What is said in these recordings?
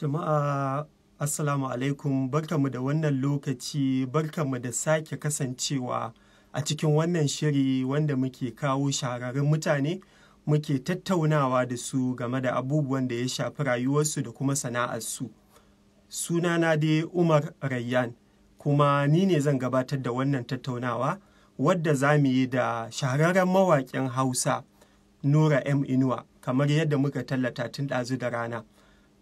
Jama'a Assalamu alaikum barkamu da wannan lokaci barkamu da sake kasancewa a cikin wannan shiri wanda muke kawo shahararrun mutane muke tattaunawa da su game da abubuwan da ya shafi rayuwarsu da kuma sana'arsu. Sunana dai Umar Rayyan kuma ni ne zan gabatar da wannan tattaunawa wadda za mu yi da shahararren mawaƙin Hausa Nura M Inuwa kamar yadda muka tallata tun ɗazu da rana.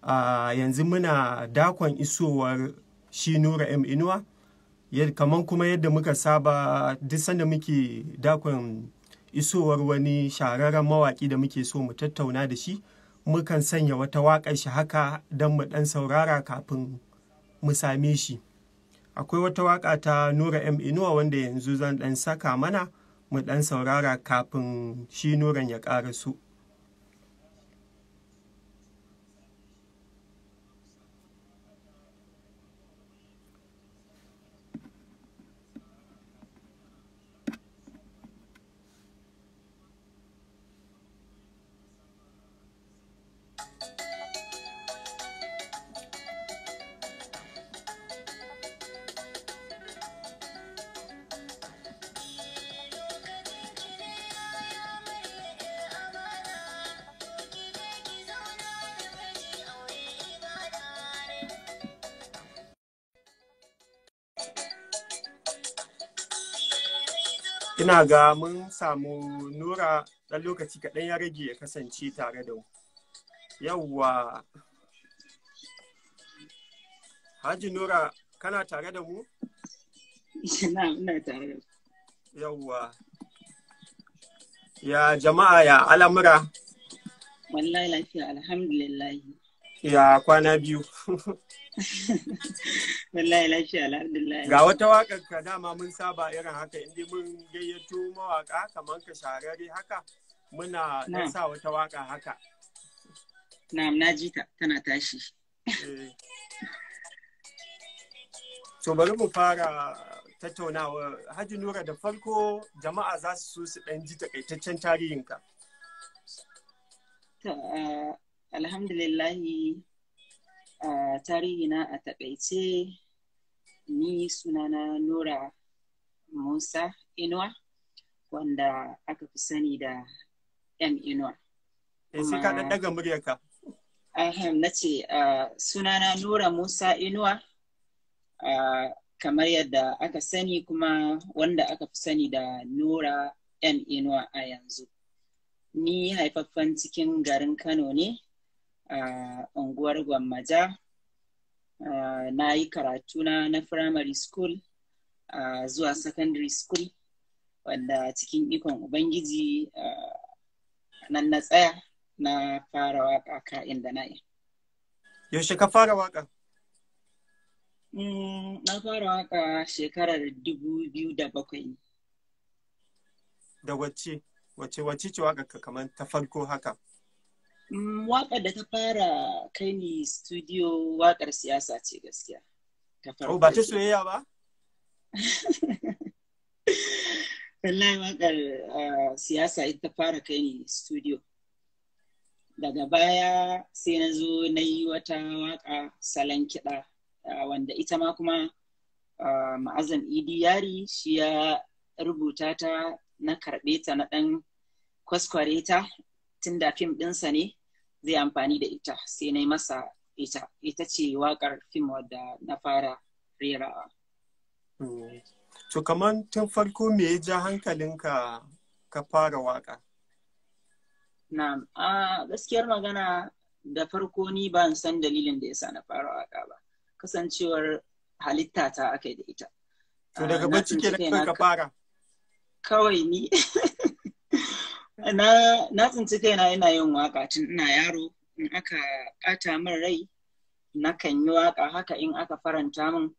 a yanzu muna dakon isowar shi nura m inuwa kamar kuma yadda muka saba duk sanda muke dakon isowar wani shahararren mawaƙi da muke so mu tattauna da shi mukan sanya wata waƙar shi haka don mu ɗan saurara kafin mu same shi akwai wata waƙa ta nura m inuwa wanda yanzu zan ɗan saka mana mu ɗan saurara kafin shi nuran ya ƙara su ina ga mun samu nura ɗan lokaci kaɗan ya rage ya kasance tare da yawwa haji nura kana tare da mu ina tare yawwa ya jama'a ya al'amura wallahi lafiya alhamdulillahi Ya kwana biyu. Wallahi lafiya alhamdulillah. Ga wata waƙar ka dama mun saba irin haka inda mun gayyato mawaƙa kamar ka sharari haka muna ɗan sa wata waƙa haka. Na'am na ji ta tana tashi. Eh. To bari mu fara tattaunawa Hajji Nura da farko jama'a za su so su ɗan ji takaitaccen tarihinka. Eh, alhamdulillahi a tarihina a taɓaice ni sunana nora musa inuwa wanda aka fi sani da m inuwa eh, ahem na ce sunana nora musa inuwa kamar yadda aka sani kuma wanda aka fi sani da nura yan inuwa a yanzu ni haifaffen cikin garin kano ne a unguwar gwammaja na yi karatuna na primary school zuwa secondary school wanda cikin ikon ubangiji nan na tsaya na fara waka inda na yi. yaushe ka fara waka mm, na fara waka shekarar dubu biyu da bakwai da wacce wacce wacce ce waka kamar ta farko haka Mm, waƙar da ta fara kai ni studio waƙar siyasa ce gaskiya. Oh, ba ta soyayya ba? Wallahi waƙar ah, siyasa ita ta fara kai ni studio. Daga baya sai na zo na yi wata waƙa salon kiɗa ah, wanda ita ma kuma ah, ma'azan idi yari shi ya rubuta ta na karɓe ta na ɗan kwaskware ta tun da fim ɗinsa ne zai amfani da ita sai na yi masa ita ita ce wakar fim wadda na fara rerawa to kamar tun farko me ya ja hankalinka ka fara waka na a gaskiyar magana da farko ni ban san dalilin da yasa na fara waka ba kasancewar halitta ta aka yi da ita to daga bacci ke ka fara kawai ni na na tsinci kaina ina yin waka tun ina yaro in aka ƙata min rai na kan yi waka haka in aka faranta min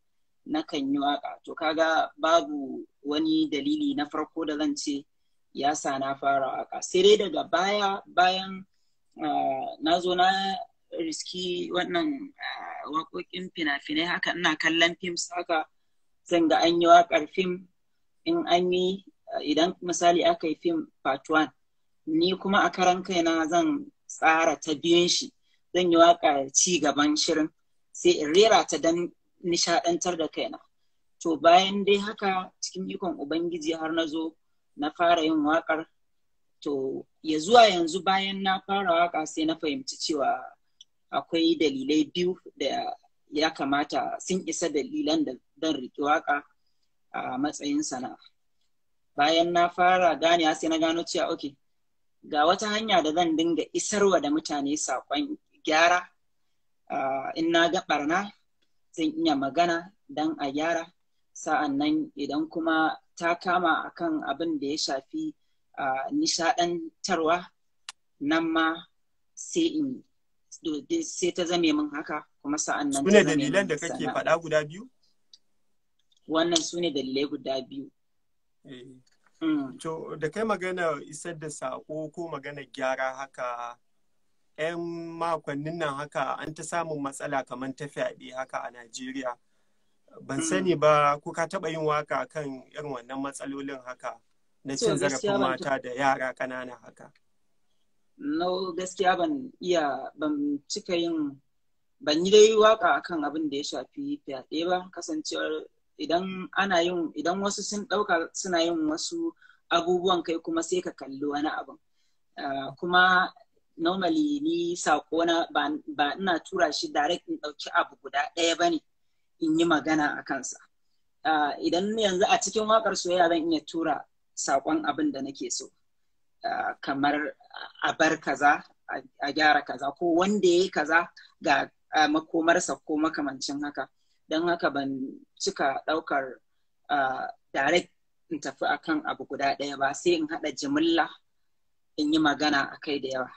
na kan yi waka to kaga babu wani dalili na farko da zan ce ya sa na fara waka sai dai daga baya bayan na zo na riski wannan waƙoƙin fina-finai haka ina kallon fim haka zan ga an yi waƙar fim in an yi idan misali aka yi fim part 1 ni kuma a karan kaina zan tsara ta biyun shi zan yi waka ci gaban shirin sai in rera ta don nishadantar da kaina to bayan dai haka cikin ikon ubangiji har na zo na fara yin wakar to ya zuwa yanzu bayan na fara waka sai na fahimci cewa akwai dalilai biyu da ya kamata sun isa dalilan da don riƙe waka a matsayin sana'a bayan na fara gane sai na gano cewa ok ga wata hanya da zan dinga isarwa da mutane saƙon gyara ah, in na ga barna zan iya magana don a gyara sa'an nan idan kuma ta kama akan abin da ya shafi ah, nishadantarwa nan ma sai in sai ta zame min haka kuma sa'an nan ta zame dalilan da kake faɗa guda biyu wannan su ne dalilai guda biyu eh. Mm. To da kai magana isar da sako ko magana gyara haka 'yan makonnin nan haka an ta samun matsala kamar ta fyaɗe haka a Najeriya. Ban mm. sani ba ko ka taɓa yin waka kan irin wannan matsalolin haka na cin zarafin mata da yara ƙanana haka. No gaskiya ban iya ban cika yin ban yi dai waka akan abin da ya shafi fyaɗe ba kasancewar idan ana yin idan wasu sun ɗauka suna yin wasu abubuwan kai kuma sai ka kalli wani abin ah, kuma normally ni sako na ba ina tura shi direct in ɗauki abu guda ɗaya bane in yi magana a kansa ah, idan yanzu a cikin wakar soyayya zan iya tura sakon abin da nake so ah, kamar a bar kaza a gyara kaza ko wanda ya yi kaza ga makomarsa ko makamancin haka don haka ban cika ɗaukar ah, direct in tafi akan abu guda ɗaya ba sai in haɗa jimilla in yi magana a kai da yawa.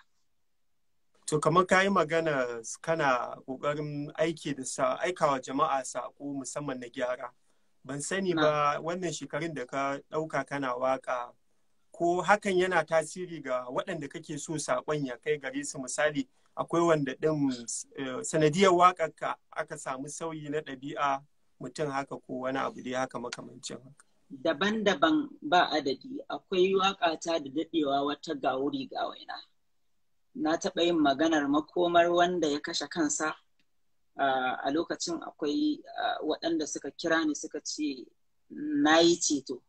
To kamar ka yi magana kana ƙoƙarin aiki da sa aikawa jama'a saƙo musamman na gyara. Ban sani ba wannan shekarun da ka ɗauka kana waƙa ko hakan yana tasiri ga waɗanda kake so saƙon ya kai gare su misali akwai wanda ɗin eh, sanadiyar waƙar ka aka samu sauyi na ɗabi'a mutum haka ko wani abu dai haka makamancin haka. Daban-daban ba adadi akwai waƙa ta da daɗewa wata ga wuri ga waina. Na taɓa yin maganar makomar wanda ya kashe kansa a lokacin akwai waɗanda suka kira ni suka ce na yi ceto.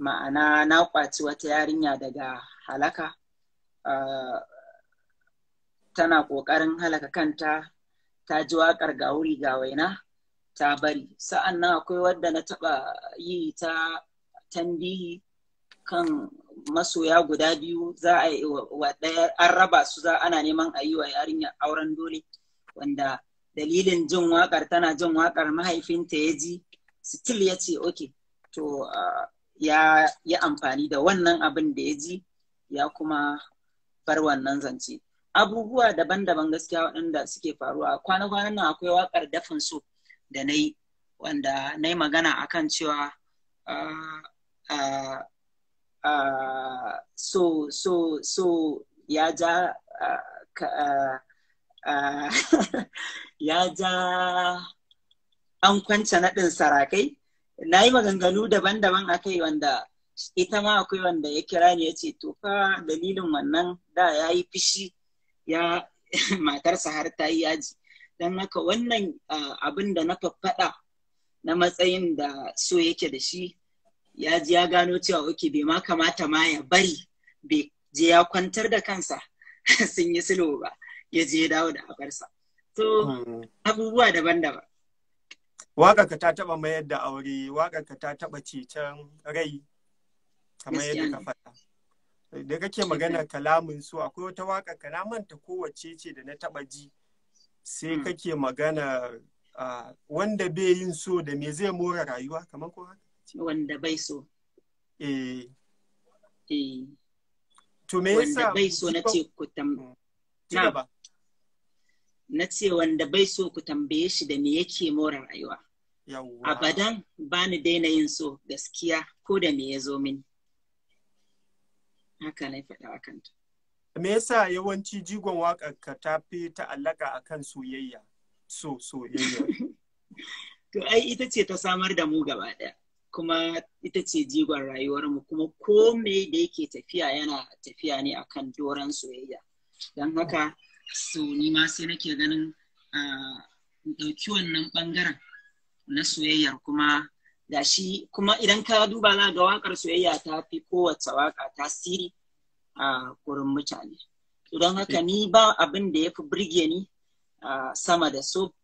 Ma'ana na ƙwaci wata yarinya daga halaka. Uh, tana ƙoƙarin halaka kanta ta ji waƙar ga wuri ga waina ta bari sa'an nan akwai wadda na taɓa yi ta tambihi kan masoya guda biyu za a yi wa ɗaya an raba su za ana neman a yi wa yarinya auren dole wanda dalilin jin waƙar tana jin waƙar mahaifinta ya ji still ya ce ok to ya yi amfani da wannan abin da ya ji ya kuma bar wannan zance abubuwa daban-daban gaskiya waɗanda suke faruwa kwana-kwanan nan akwai waƙar dafin so da na yi wanda na yi magana a kan cewa ah, ah, ah, so ya ja ya ja an kwance naɗin sarakai na yi maganganu daban-daban a kai wanda ita ma akwai wanda ya kira ni ya ce to fa dalilin wannan da ya yi fishi ya matarsa har ta yi yaji don haka wannan abin da na faffaɗa na matsayin da so yake da shi ya ji ya gano cewa oke bai ma kamata ma ya bari bai je ya kwantar da kansa sun yi silo ba ya je ya dawo da abarsa to hmm. abubuwa daban-daban waƙarka ta taɓa mayar da aure waƙarka ta taɓa ceton rai kamar yadda ka faɗa da kake magana kalamin su akwai wata waka ta kowace ce da na taba ji sai hmm. kake magana wanda bai yin so da me zai mora rayuwa kamar ko haka wanda bai so eh. eh to me yasa wanda bai so na ce ku tam hmm. na ce wanda bai so ku tambaye shi da me yake mora rayuwa abadan bani daina yin so gaskiya ko da me ya zo mini haka na faɗa a kanta me yasa yawanci jigon waƙar ka ta fi ta'allaka akan soyayya so soyayya to ai ita ce ta samar da mu gaba ɗaya kuma ita ce jigon mu, kuma ko me da yake tafiya yana tafiya ne akan doron soyayya don haka so ni ma sai nake ganin ah, ɗauki wannan ɓangaren na soyayyar kuma da shi kuma idan ka duba na ga wakar soyayya ta fi kowace waka tasiri a kurin mutane don haka ni ba abin da ya fi birge ni sama da so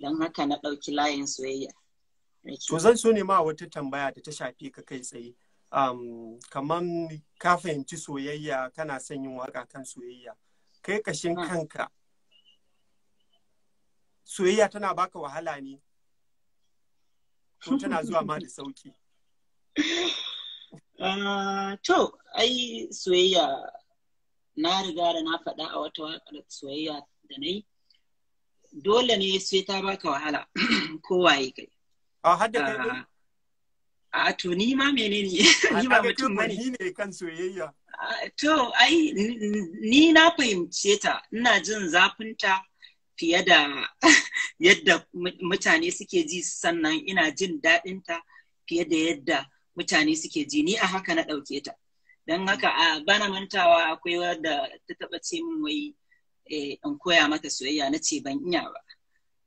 don haka na ɗauki layin soyayya to zan so ne ma wata tambaya da ta shafi ka kai tsaye um, kamar ka fahimci soyayya kana son yin waka kan soyayya kai kashin ah. kanka soyayya tana baka wahala ne tana zuwa ma da sauki ah, to ai soyayya na riga da na faɗa a wata soyayya da na yi dole ne sai ta baka wahala ko waye kai a hada ah, a to ni ma menene ni ba mutum bane ni ne kan soyayya ah, to ai ni na fahimce ta ina jin zafinta fiye da yadda mutane suke ji sannan ina jin daɗinta fiye da yadda mutane suke ji ni a haka na ɗauke ta don haka a bana mantawa akwai wadda ta taɓa ce min wai eh, in koya mata soyayya na ce ban iya ba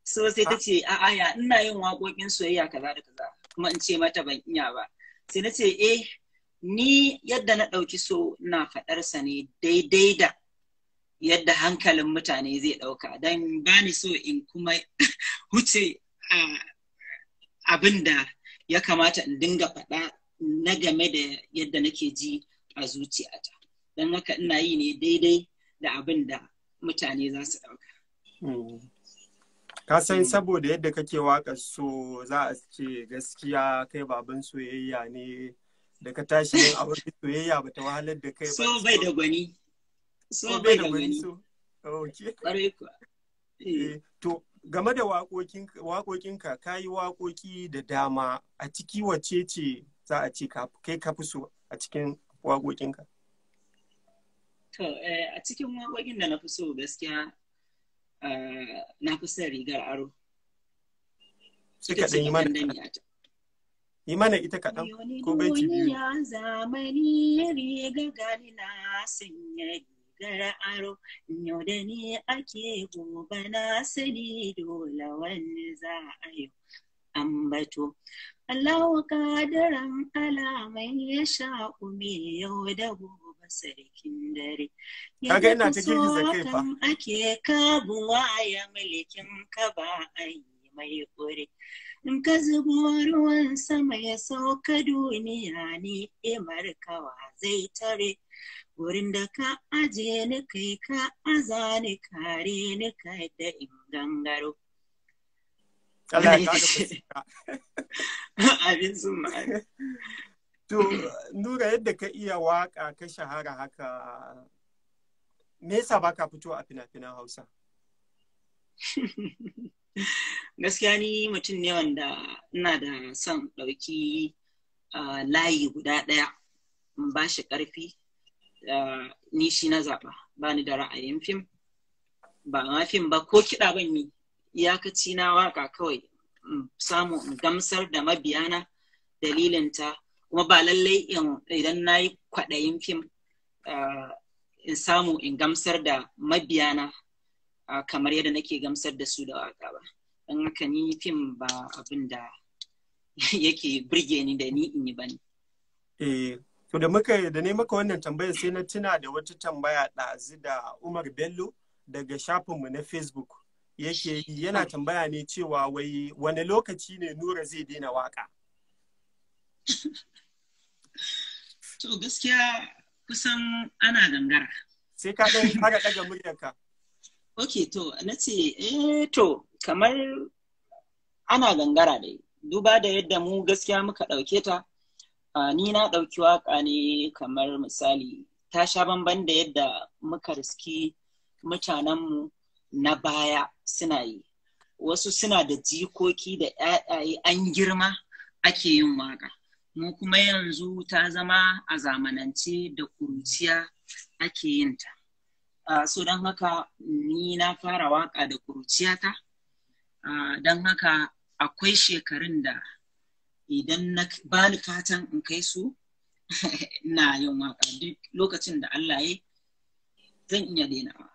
so sai ta ce a aya ina yin waƙoƙin soyayya kaza da kaza kuma in ce mata ban iya ba sai na ce eh ni yadda na ɗauki so na faɗarsa ne daidai da yadda hankalin mutane zai ɗauka don ba ni so in kuma huce abin da ya kamata in dinga faɗa na game da yadda nake ji a zuciyata don haka ina yi ne daidai da abin da mutane za su ɗauka. Ka san saboda yadda kake waka so za a ce gaskiya kai baban soyayya ne da ka tashi yin wurin soyayya ba ta wahalar da kai ba. So bai da gwani. su eh, bai da wani so kwarai kuwa eh, eh. to game da waƙoƙinka ka yi waƙoƙi da dama a ciki wace ce za a ce kai ka fi so a cikin waƙoƙinka to a cikin waƙoƙin da na fi so gaskiya na fi son rigar aro suka ɗan yi mana yi mana ita kaɗan ko bai ci biyu zamani riga gani na sanya gara aro inyo da ni ake gobe na sani dole wani za a yi ambato Allahu kadaran alamai ya sha kume yau da gobe sarkin dare yanzu kan ake kabuwa ya mulkin ka ba a yi mai kore in ka zubo ruwan sama ya sauka duniya ni imar kawa zai tare wurin da ka aje ni kai ka aza ni kare ni ka da in gangaro abin zuma to nura yadda ka iya waka ka shahara haka me yasa baka fito a fina-finan hausa gaskiya ni mutum ne wanda ina da son ɗauki ah, layi guda ɗaya in ba shi ƙarfi ni shi na zaba, ba ni da ra'ayin fim ba ma fim ba ko kiɗa ban yi iyakaci na waka kawai samu in gamsar da mabiyana dalilinta kuma ba lallai idan na yi kwaɗayin fim ah, in samu in gamsar da mabiyana kamar yadda nake gamsar da su da waka ba don haka ni fim ba abin da yake birge ni da ni in yi ba ne. Eh, To da muka da ne maka wannan tambayar sai na tuna da wata tambaya ɗazu da Umar Bello daga shafinmu na Facebook yake yana tambaya ne cewa wai wani lokaci ne Nura zai daina waka. To gaskiya kusan ana gangara. Sai ka ɗan fara ɗaga muryarka. Ok, to na ce, eh to kamar ana gangara dai. Duba da yadda mu gaskiya muka ɗauke ta, ni na ɗauki waƙa ne kamar misali ta sha bamban da yadda muka riski mutanenmu na baya suna yi wasu suna da jikoki da ‘ya'yaye an girma ake yin waƙa mu kuma yanzu ta zama a zamanance da ƙuruciya ake yin ta so don haka ni na fara waƙa da kuruciyata ta, don haka akwai shekarun da idan na bani katan in kai su na yin waka duk lokacin da Allah ya zan iya dainawa.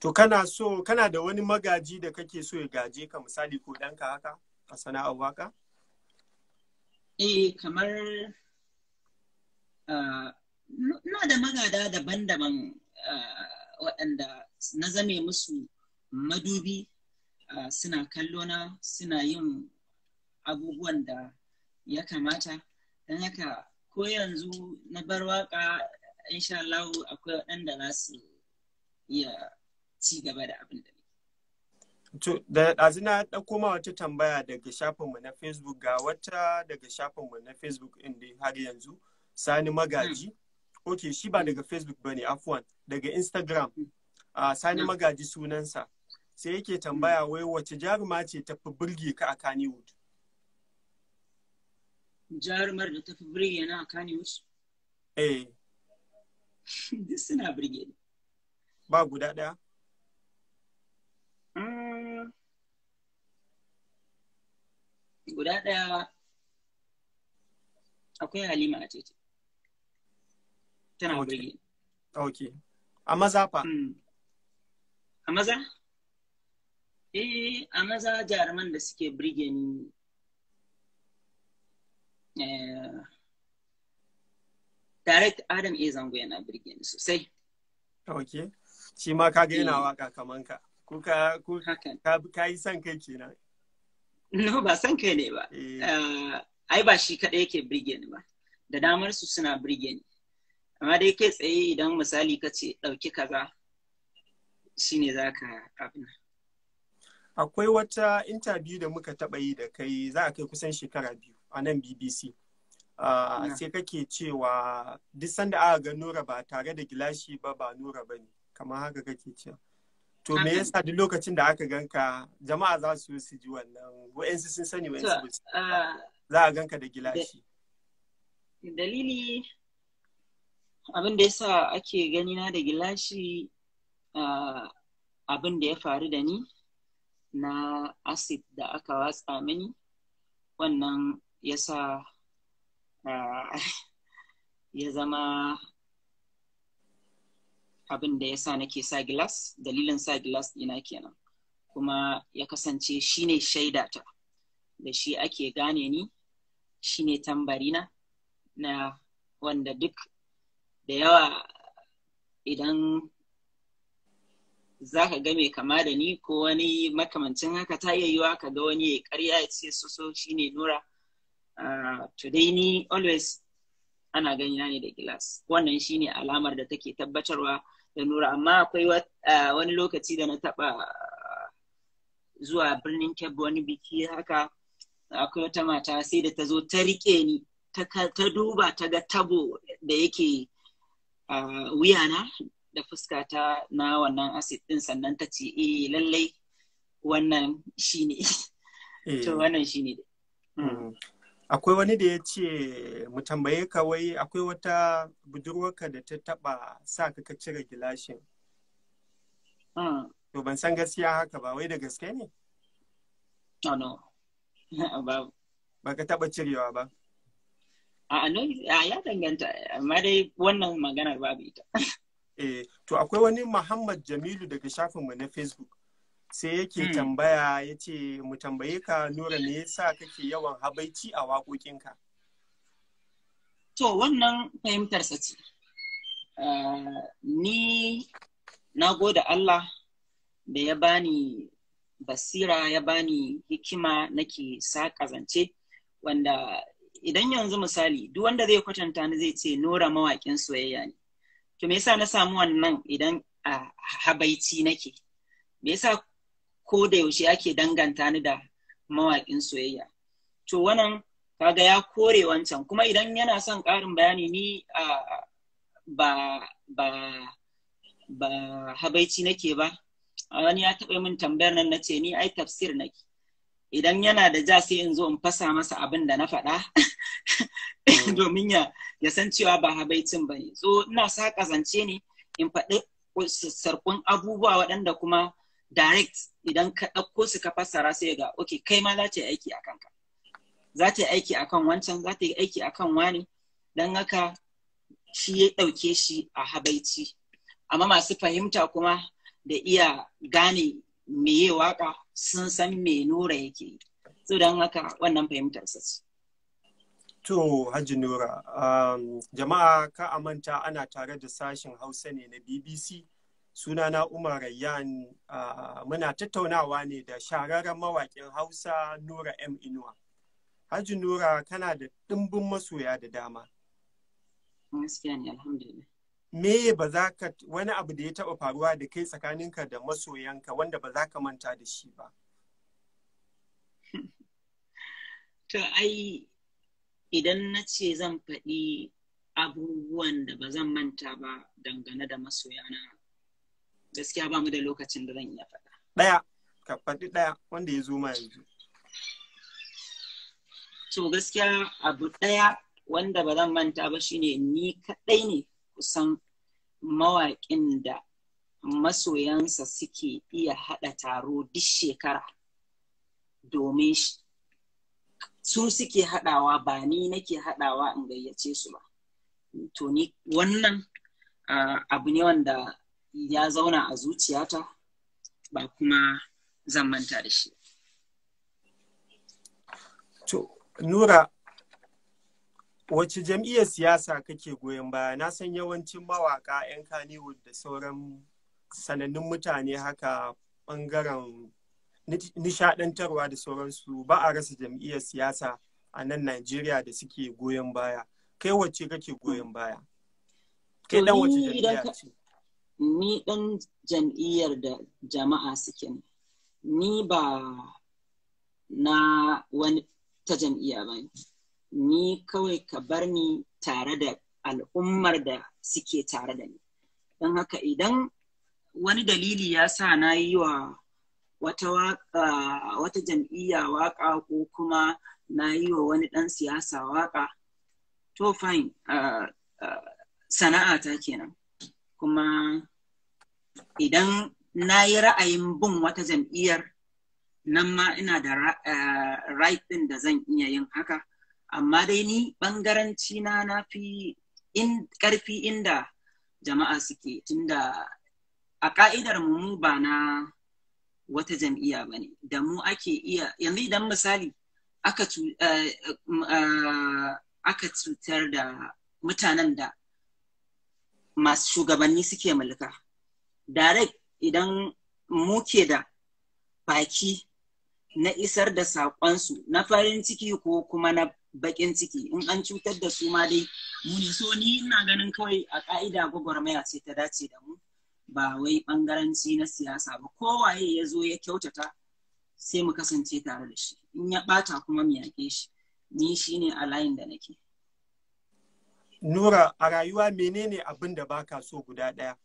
To kana so kana da wani magaji da kake so ya gaje ka misali ko ɗanka haka a sana'ar waka? Eh kamar ah, na da magada daban-daban ah, waɗanda na zame musu madubi ah, suna kallona suna yin abubuwan da ya kamata don haka ko yanzu na bar waka insha Allah akwai waɗanda za su iya ci gaba da abin da To, da ɗazu na ɗauko wata tambaya daga shafinmu na Facebook ga wata daga shafinmu na Facebook inda dai har yanzu, Sani Magaji. Hmm. Ok, shi ba daga Facebook ba ne, daga Instagram. Hmm. Sani Magaji sunansa. Sai yake tambaya hmm. wai wace jaruma ce ta fi burge ka a Kannywood? jarumar da ta fi birge na Kanye West? Eh. Duk suna birge ni. Ba guda ɗaya? Mm. Guda ɗaya akwai Halima a titi. Tana birge ni. Ok. A maza fa? Mm. A maza? Eh, a maza jaruman da suke birge ni Eh, direct Adam e zango yana birge ni sosai. Ok, shi ma ka yana eh. waka kaman ka. Kuka ka ka yi son kai kenan. No ba son kai ne ba. Eh. Ai ba shi kaɗai yake birge ni ba. Da damar su suna birge ni. Amma dai kai tsaye idan misali ka ce ɗauki kaza shi ne za ka abina. Akwai wata intabi da muka taɓa yi da kai za a kai kusan shekara biyu. a nan bbc ah, sai kake cewa duk sanda aka ga nura ba tare da gilashi ba ba nura ba ne kamar haka kake cewa to me yasa duk lokacin da aka ganka jama'a za su su ji wannan wa'yansu sun sani wa'yansu ba ah, za a ganka da gilashi dalili abin da yasa ake ganina da gilashi ah, abin da ya faru da ni na acid da aka watsa mini wannan ya sa ah, ya zama abin da ya sa nake sa gilas dalilin sa gilas ɗina kenan kuma ya kasance shine shaidata da shi ake gane ni shine tambarina na wanda duk da yawa idan za ka ga mai kama da ni ko wani makamancin haka ta iya yiwa ka ga wani ya karya ya ce su so shine nura uh, today ni always ana ganina ne da gilas wannan shine alamar da take tabbatarwa da nura amma akwai uh, wani lokaci da na taba zuwa birnin kebbi wani biki haka akwai wata mata sai da ta zo ta rike ni ta duba ta ga tabo da yake uh, wuyana da fuska ta na wannan acid din sannan ta ce eh lallai wannan shine to eh. wannan shine akwai wani da ya ce mu tambaye ka wai akwai wata budurwarka da ta taba sa ka ka cire gilashin hmm. to ban san gaskiya haka ba wai da gaske ne ba ka taba cirewa ba a ya danganta amma dai wannan maganar babu ita eh to akwai wani muhammad jamilu daga shafinmu na facebook sai yake hmm. tambaya ya ce mu tambaye ka nura me yasa kake yawan habaici a waƙoƙinka to wannan fahimtarsa ce eh, ni na goda Allah da ya bani basira ya bani hikima nake sa kazance wanda idan yanzu misali duk wanda zai kwatanta ni zai ce nora mawaƙin soyayya ne to me yasa na samu wannan idan a ah, habaici nake me yasa ko da yaushe ake danganta ni da mawaƙin soyayya to wannan kaga ya kore wancan kuma idan yana son ƙarin bayani ni a ba ba ba habaici nake ba wani ya taɓa min tambayar nan nace ni ai tafsir nake idan yana da ja sai in zo in fasa masa abin da na faɗa domin ya ya san cewa ba habaicin ba ne so ina sa kazance ne in faɗi sarkun abubuwa waɗanda kuma direct idan ka ɗauko su ka fassara sai ga ok kai ma za ta yi aiki a kanka za yi aiki a kan wancan za aiki a kan wani don haka shi ya ɗauke shi a habaici amma masu fahimta kuma da iya gane me meye waka sun san me nura yake yi so don haka wannan fahimtar sa ce To Hajji Nura, um, jama'a ka amanta ana tare da sashen Hausa ne na BBC sunana Umar Rayyan uh, muna tattaunawa ne da shararren mawaƙin Hausa Nura M Inuwa. hajji Nura kana da ɗimbin masoya da dama. Me ba za ka wani abu da ya taɓa faruwa da kai tsakaninka da masoyanka wanda ba za ka manta da shi ba? To ai idan na ce zan faɗi abubuwan da ba zan manta ba dangane da masoyana gaskiya ba mu da lokacin da zan iya faɗa. Ɗaya, ka faɗi ɗaya wanda ya zo ma yanzu. To gaskiya abu ɗaya wanda ba zan manta ba shine ni kaɗai ne kusan mawaƙin da masoyansa suke iya haɗa taro duk shekara domin su suke haɗawa ba ni nake haɗawa in gayyace su ba. To ni wannan ah, abu ne wanda ya zauna a zuciyata ba kuma zan manta da shi to nura wacce jam'iyyar siyasa kake goyon baya na san yawancin mawaka 'yan kaniwood da sauran sanannun mutane haka bangaren nishadantarwa da sauransu ba a rasa jam'iyyar siyasa a nan Najeriya da suke goyon baya kai wacce kake goyon baya kai dan wacce jam'iyya ce ni ɗan jam'iyyar da jama'a suke ne ni ba na wani ta jam'iyya ba ni kawai ka bar ni tare da al'ummar da suke tare da ni don haka idan wani dalili ya sa na yi wa wata waka wata jam'iyya waka ko kuma na yi wa wani ɗan siyasa waka to fine uh, uh, sana'a ta kenan kuma idan na yi ra'ayin bin wata jam'iyyar nan ma ina da eh, right ɗin da zan iya yin haka amma dai ni ɓangaranci na na fi in ƙarfi inda jama'a suke tunda a ka'idar mu ba na wata jam'iyya ba ne da mu ake iya yanzu idan misali aka eh, eh, cutar da mutanen da masu shugabanni suke mulka direct idan mu ke da baki na isar da saƙonsu na farin ciki ko kuma na baƙin ciki in an cutar da su ma dai muni so ni ina ganin kawai a ƙa'ida gwagwarmaya ce ta dace da mu ba wai ɓangaranci na siyasa ba kowaye ya zo ya kyautata sai mu kasance tare da shi in ya ɓata kuma mu yaƙe shi ni shine a layin da nake Nura a rayuwa menene abin da baka so guda ɗaya?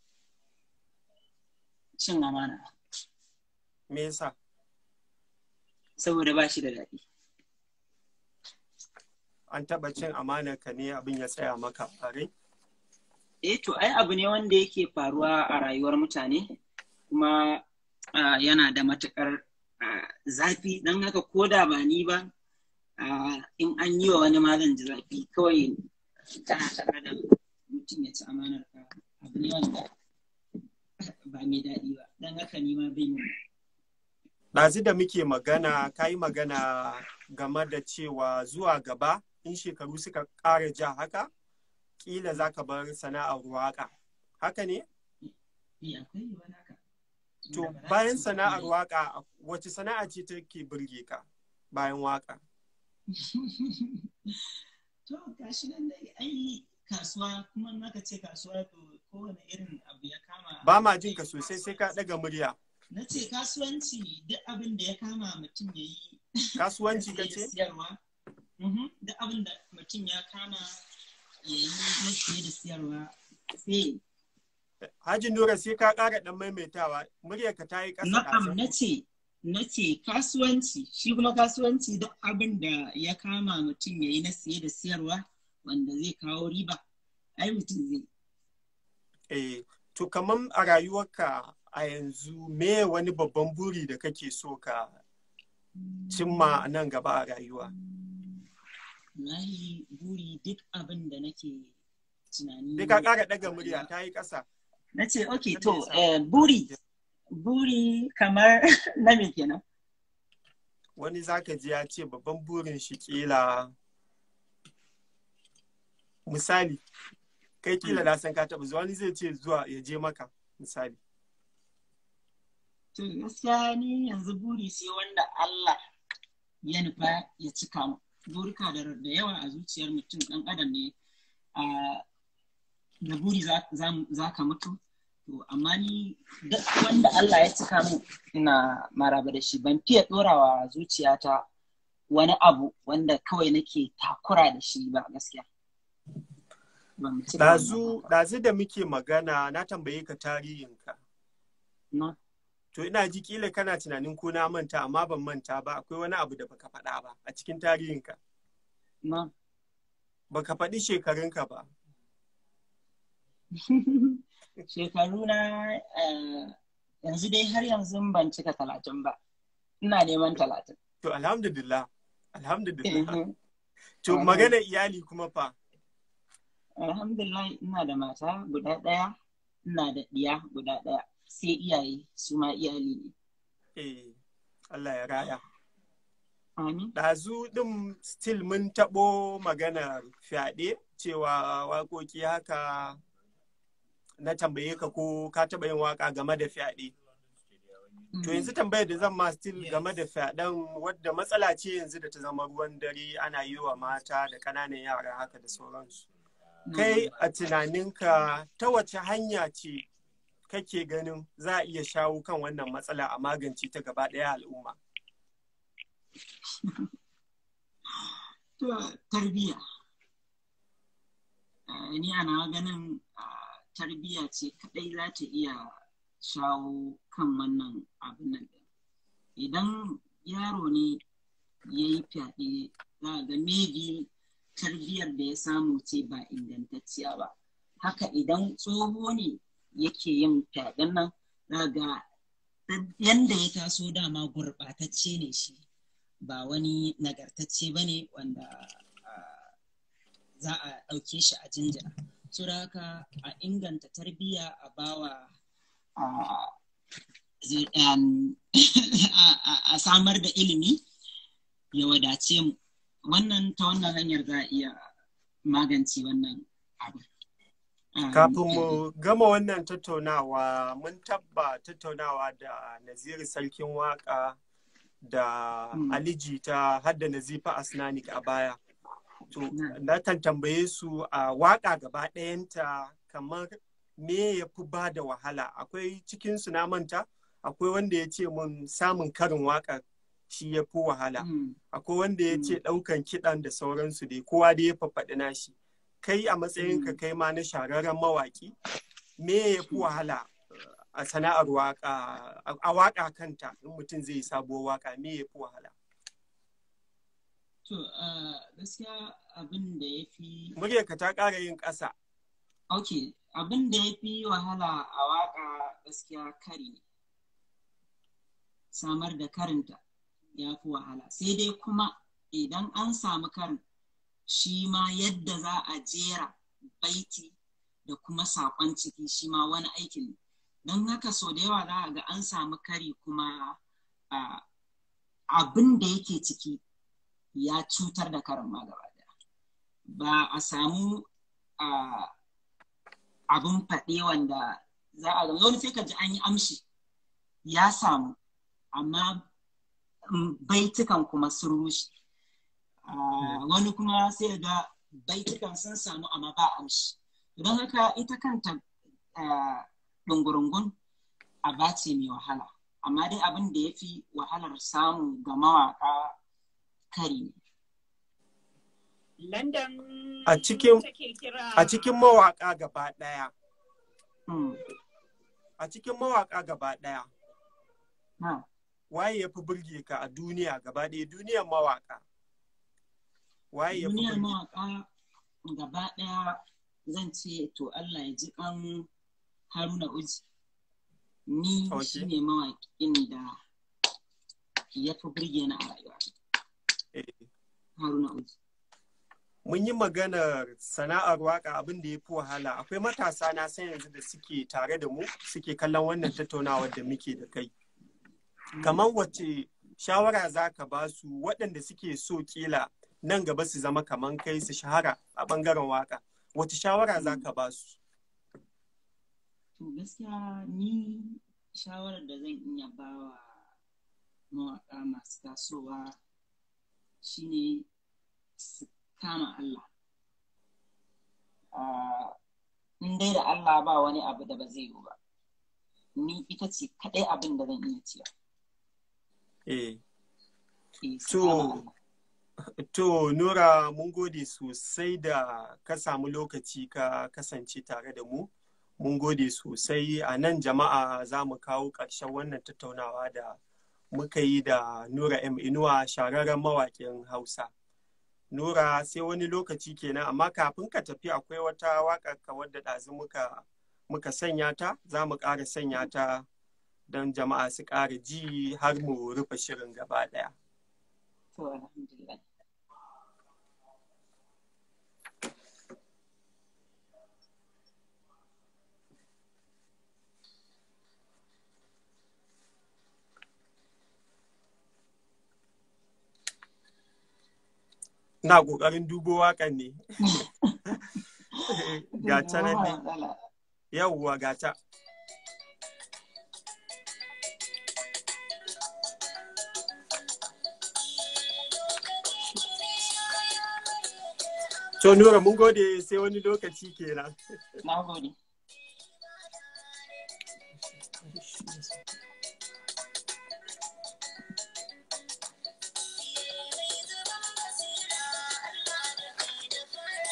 Cin amana. Me yasa? Saboda ba shi da daɗi. An taɓa cin amana ka ne abin ya tsaya maka fare? Eh to ai abu ne wanda yake faruwa a rayuwar mutane kuma yana da matuƙar zafi don haka ko da ba ni ba in an yi wa wani ma zan zafi kawai tana tare da mutum ya ci amanar ka abu ne wanda ba mai daɗi ba haka ni ma bai Ɗazu da muke magana, ka yi magana game da cewa zuwa gaba in shekaru suka ƙara ja haka, ƙila za ka bar sana'ar waƙa. Haka ne? Eh, to, bayan sana'ar waƙa, wace sana'a ce take burge ka bayan waƙa? to gashi nan dai ai kasuwa kuma in aka ce kasuwa to kowane irin abu ya kama ba ma jin ka sosai sai ka daga murya na ce kasuwanci duk abin da ya kama mutum ya yi kasuwanci ka ce mhm, duk abin da mutum ya kama ya yi na siye da siyarwa sai Hajji Nura sai ka ƙara ɗan maimaitawa muryarka ta yi ƙasa. Na'am na ce na ce kasuwanci shi kuma kasuwanci duk abin da ya kama mutum ya yi na siye da siyarwa wanda zai kawo riba ai mutum zai eh to kamar a rayuwarka a yanzu me wani babban buri da kake so ka cimma nan gaba a rayuwa yi buri duk abin da nake tunani dai ka kara daga murya ta yi kasa na ce okay to eh, buri buri kamar na kenan wani zaka ji ya ce babban burin shi kila misali kai kila hmm. na san ka taɓa zuwa wani zai ce zuwa ya je maka misali to gaskiya ni yanzu buri sai wanda Allah ya nufa ya cika mu burika da yawa a zuciyar mutum ɗan adam ne da buri za ka mutu To, amma ni wanda Allah ya cika min ina maraba da shi ban fiye ɗorawa zuciyata wani abu wanda kawai nake takura da shi ba gaskiya. Ɗazu da muke magana na tambaye ka tarihinka. To ina ji kila kana tunanin ko na manta amma ban manta ba akwai wani abu da baka faɗa ba a cikin tarihinka. Baka faɗi shekarunka ba. shekaru na eh, yanzu dai har yanzu ban cika talatin ba ina neman talatin to alhamdulillah alhamdulillah eh, eh. to magana iyali kuma fa alhamdulillah ina da mata guda ɗaya ina da ɗiya guda ɗaya sai iyaye su ma iyali ne eh Allah ya raya Ɗazu ɗin still mun taɓo maganar fyaɗe cewa waƙoƙi haka na tambaye ka ko ka taɓa yin waka game da fyaɗe. To yanzu mm-hmm. tambayar da zan ma still game da fyaɗen wadda matsala ce yanzu da ta zama ruwan dare ana yi wa mata da ƙananan yara haka da sauransu. Kai mm-hmm. a tunaninka ta wace hanya ce kake ganin za a iya shawo kan wannan matsala a magance ta gaba ɗaya al'umma? Tarbiyya. Eh, ni ana ganin tarbiyya ce kadai za ta iya shawo kan wannan abin nan idan yaro ne ya yi fyaɗe za ga maybe tarbiyyar da ya samu ce ba ingantacciya ba haka idan tsoho ne yake yin fyaɗen nan za ga yanda ya taso dama gurɓatacce ne shi ba wani nagartacce ba ne wanda ah, za a ɗauke shi a jinjira suraka a inganta tarbiyya a bawa um, a samar da ilimi ya wadace mu wannan ta wannan hanyar za a iya magance wannan abu um, kafin mu eh, eh. gama wannan tattaunawa mun tabba tattaunawa da naziri sarkin waka da hmm. aliji ta hadda nazifa asnanik a baya To, mm. na tambaye su a waƙa gaba ɗayanta kamar me ya fi ba da wahala. Akwai cikinsu na manta, akwai wanda ya ce mun samun karin waka shi ya fi wahala. Mm. Akwai wanda ya ce mm. ɗaukan kiɗan da sauransu dai, kowa da ya fafaɗi nashi. Kai a matsayin ka kai ma na shararren mawaƙi, me ya fi wahala a sana'ar waƙa, a waƙa kanta in mutum zai sabuwar waka me ya fi wahala? To, ah, gaskiya abin da ya fi... Muryarka ta ƙara yin ƙasa. Ok, abin da ya fi wahala a waƙa gaskiya kari Samar da karinta ya fi wahala. Sai dai kuma idan an samu karin, shi ma yadda za a jera baiti da kuma saƙon ciki shi ma wani aikin ne. Don haka sau da yawa za a ga an samu kari kuma ah, abin da yake ciki ya cutar da karin ma gaba ba a samu abin faɗe wanda za a wani sai ka ji an yi amshi ya samu amma mm, baitukan kuma sun rushe wani kuma sai ga baitukan sun samu amma ba amshi don haka ita kanta ɗungurungun a bace mai wahala amma dai abin da ya fi wahalar samu ga mawaƙa askari London a cikin a cikin mawaka gaba daya hmm. a cikin mawaka gaba daya waye ya fi burge ka a duniya gaba daya duniyar mawaka waye ya fi duniyar mawaka gaba daya zan ce to Allah ya ji kan Haruna Uji ni shine mawakin da ya fi burge na a rayuwa mun yi maganar sana'ar waƙa abin da ya fi wahala akwai matasa na san yanzu da suke tare da mu suke kallon wannan tattaunawar da muke da kai kamar wacce shawara za ka ba su waɗanda suke so kila nan gaba su zama kamar kai su shahara a ɓangaren waƙa? Wace shawara za ka ba su to gaskiya ni shawarar da zan iya bawa wa mawaƙa masu tasowa shine su kama Allah in dai da Allah ba wani abu da ba zai yi ba ni ita ce kaɗai abin da zan iya cewa eh, eh to nura mun gode sosai da ka samu lokaci ka kasance tare da mu mun gode sosai a nan jama'a za mu kawo ƙarshen wannan tattaunawa da muka yi da Nura M Inuwa shararren mawaƙin Hausa. Nura sai wani lokaci kenan amma kafin ka tafi akwai wata waƙar ka wadda ɗazu muka sanya ta za mu ƙara sanya ta don jama'a su ƙara ji har mu rufe shirin gaba ɗaya. na kokarin dubo wakan ne ga na ne yawwa ga to nura mun gode sai wani lokaci kenan na gode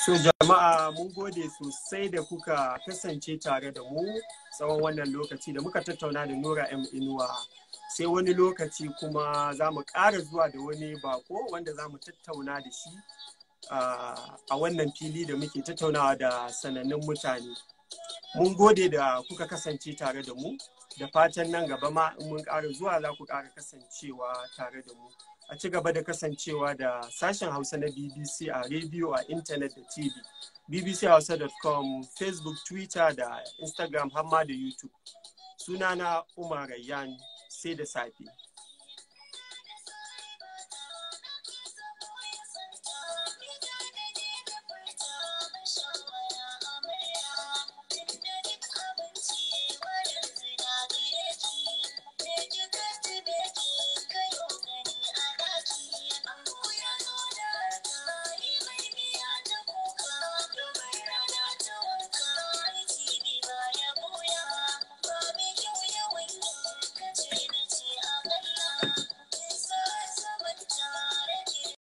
So jama'a mun gode sosai da kuka kasance tare da mu tsawon wannan lokaci da muka tattauna da Nura M Inuwa. Sai wani lokaci kuma za mu ƙara zuwa da wani bako wanda za mu tattauna da shi a wannan fili da muke tattaunawa da sanannun mutane. Mun gode da kuka kasance tare da mu, da fatan nan gaba ma in mun ƙara zuwa za ku ƙara kasancewa tare da mu. a ci gaba da kasancewa da sashen Hausa na BBC a rediyo a intanet da TV, bbchausa.com, Facebook, Twitter da Instagram hamma da YouTube. Sunana Umar Rayyan sai da safe.